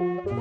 Thank you.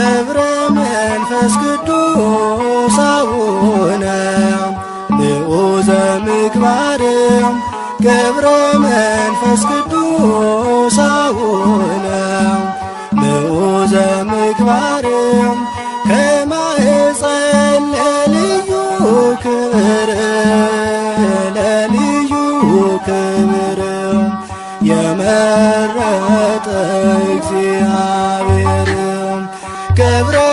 ገብረ መንፈስ ቅዱስ አቡነ ብዑዘ ምግባር ገብረ መንፈስ ቅዱስ አቡነ ብዑዘ ምግባር ክብር ለልዩ ክብር የመረጠ እግዚአብሔር cerebro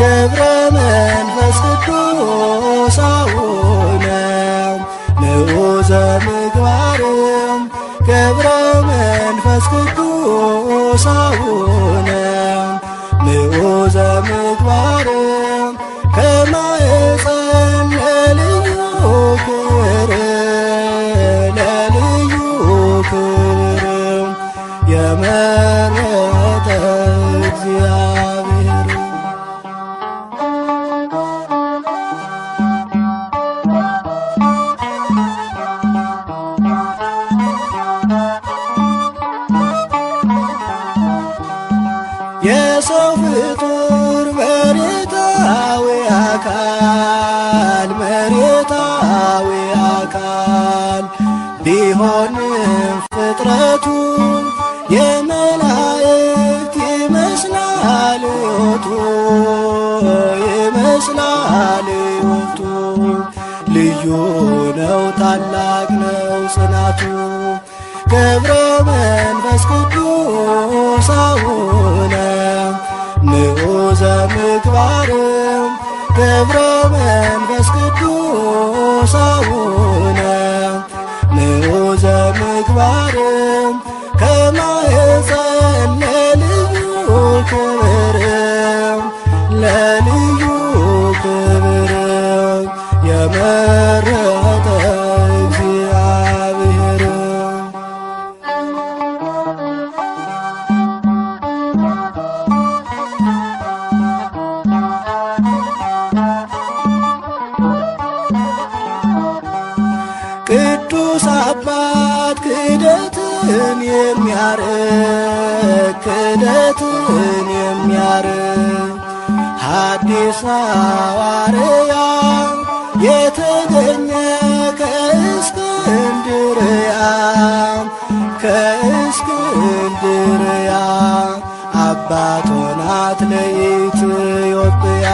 ገብረ መንፈስ ቅዱስ አቡነው ንዑዘ ምግባርም ገብረ መንፈስ ቅዱስ አቡነው ንዑዘ ቢሆንም ፍጥረቱ የመላእክት ይመስላል ሕይወቱ ይመስላል ሕይወቱ ልዩ ነው ታላቅ ነው ጽናቱ ገብረ መንፈስ ቅዱስ አቡነ ንዑ ዘምግባርም ገብረ መንፈስ ቅዱስ ከእስክንድርያ አባቶናት ለኢትዮጵያ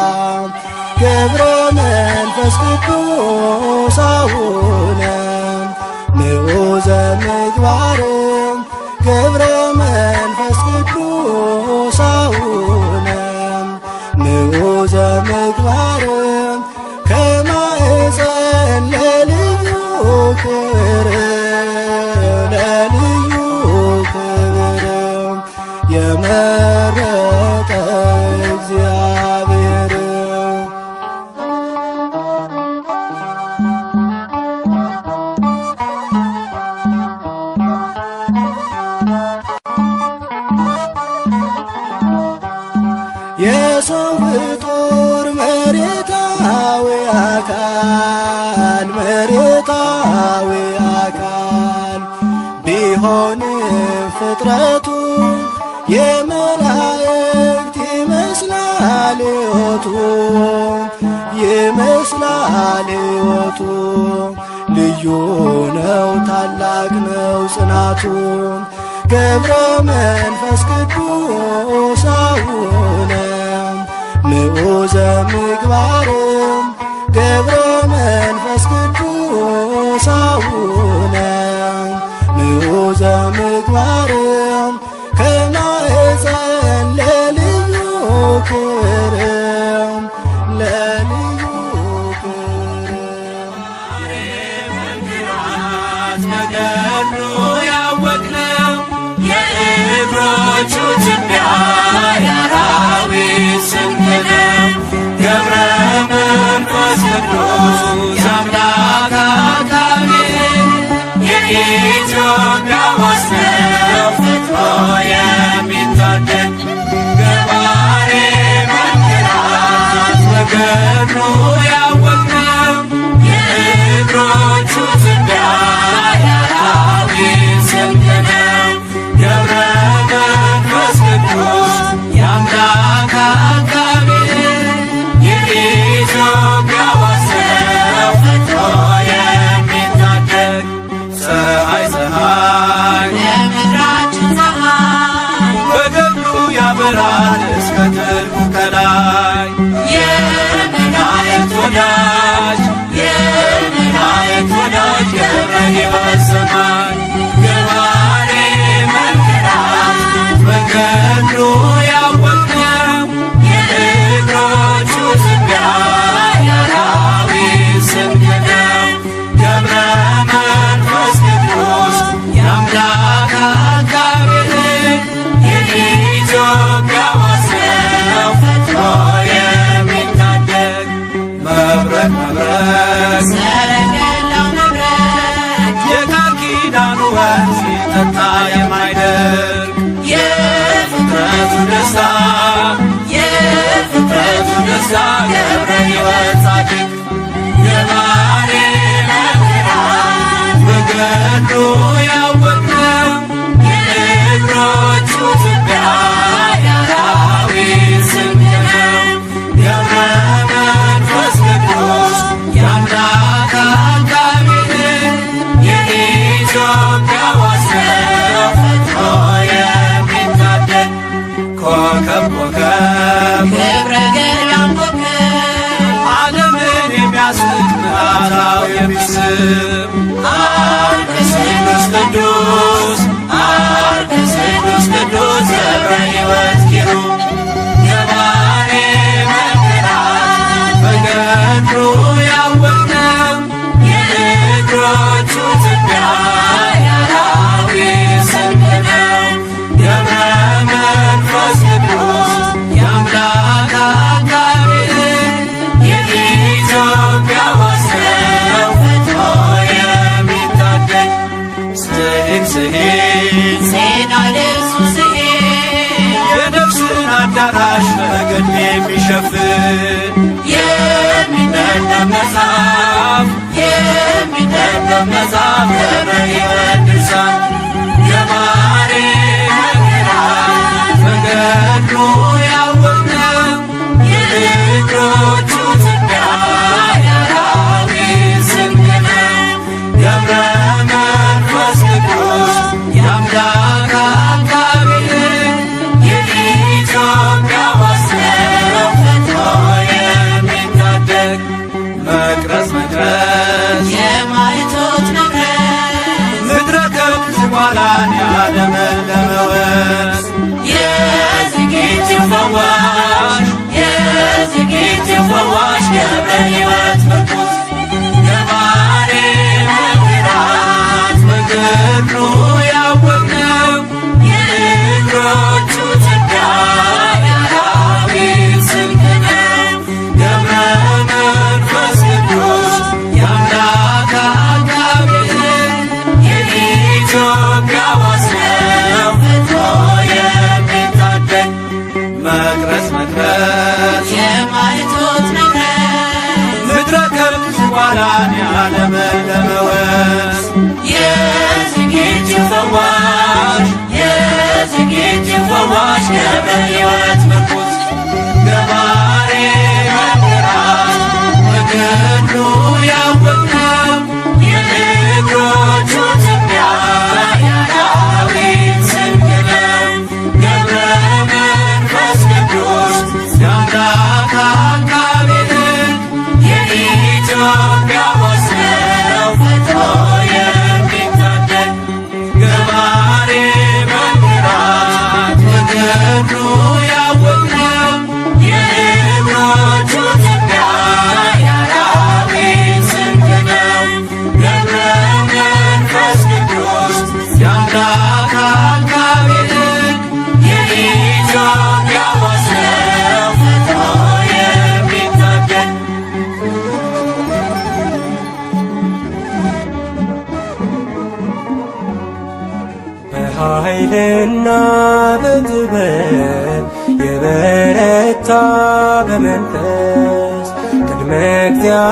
ገብሮ መንፈስ ቅዱስ አቡነ ንዑዘ ምግባር ልዩ ነው ታላቅ ነው ጽናቱ ገብረ መንፈስ ቅዱስ አቡነ ምዑዘ ምግባርም ገብረ የአምላክ አካባቢ የኢትዮጵያ Anyway. ጻድቅ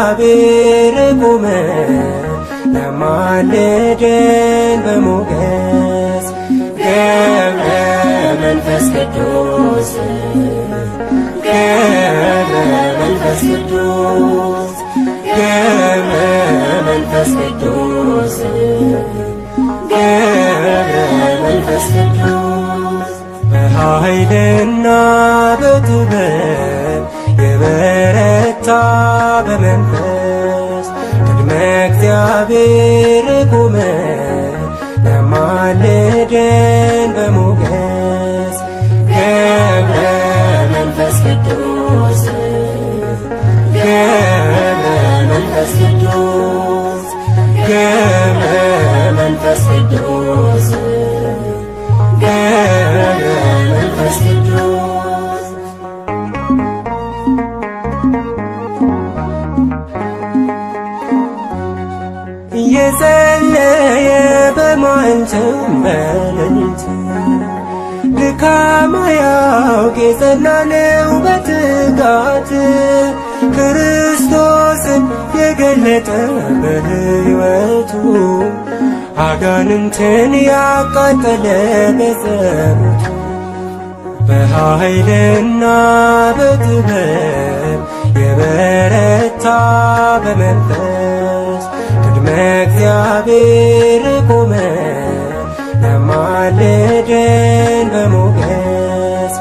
እግዚአብሔር ቆመ ለማለደን በሞገስ ገብረ መንፈስ ቅዱስ ገብረ መንፈስ ቅዱስ ገብረ መንፈስ ቅዱስ ገብረ በጥበብ የበረ ተመታ በመንፈስ ቅድመ እግዚአብሔር ቆመ ለማልደን በሞገስ ገብረ መንፈስ ቅዱስ ገብረ መንፈስ የጸለየ በማንተም በለሊት ድካማ ያውቅ የጸናነው በትጋት ክርስቶስን የገለጠ በሕይወቱ አጋንንትን ያቃጠለ በጸሎቱ በኃይልና በጥበብ የበረታ በመንፈስ ለእግዚአብሔር ቆመ ለማልደን በሞገስ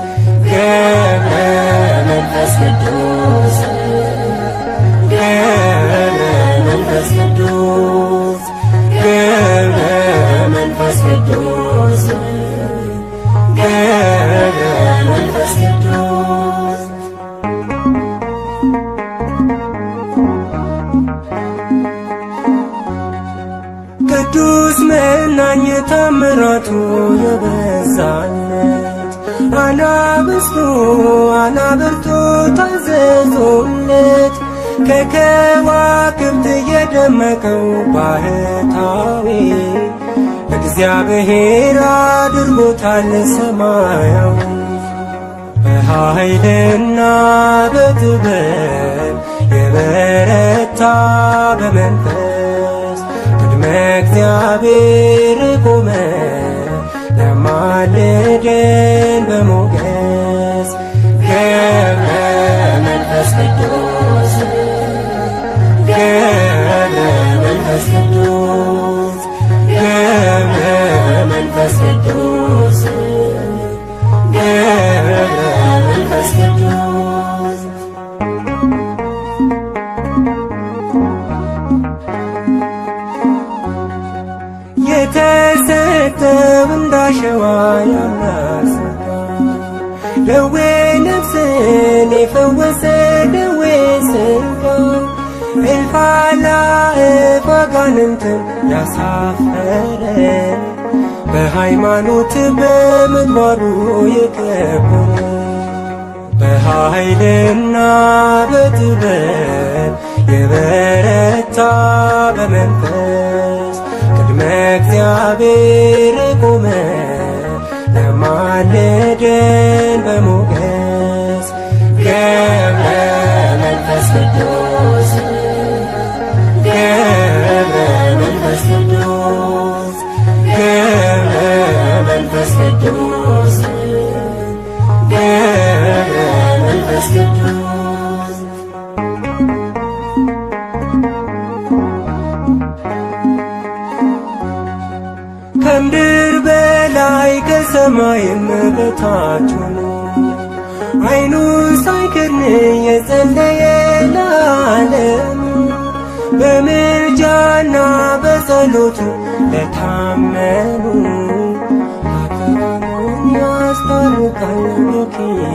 አድርጎታል ሰማያዊ በኃይልና በጥበብ የበረታ በመንፈስ ቅድመ እግዚአብሔር ቆመ ለማልደን በሞገስ ገብረ መንፈስ ቅዱስ ገብረ መንፈስ ቅዱስ መንፈስ ቅዱስ ገብረ መንፈስ ቅዱስ እንዳሸዋ ያናሰባ ደዌ ነፍስን የፈወሰ ደዌ ስጋ እልፍ አላእፍ ያሳፈረ በሃይማኖት በምግባሩ የከበረ በኃይልና በጥበብ የበረታ በመንፈስ ቅድመ እግዚአብሔር ቆመ ለማለደን በሞገ አብራችሁ አይኑ ሳይክርን የጸለየ ለዓለም በምርጃና በጸሎቱ ለታመኑ ያስታርቃል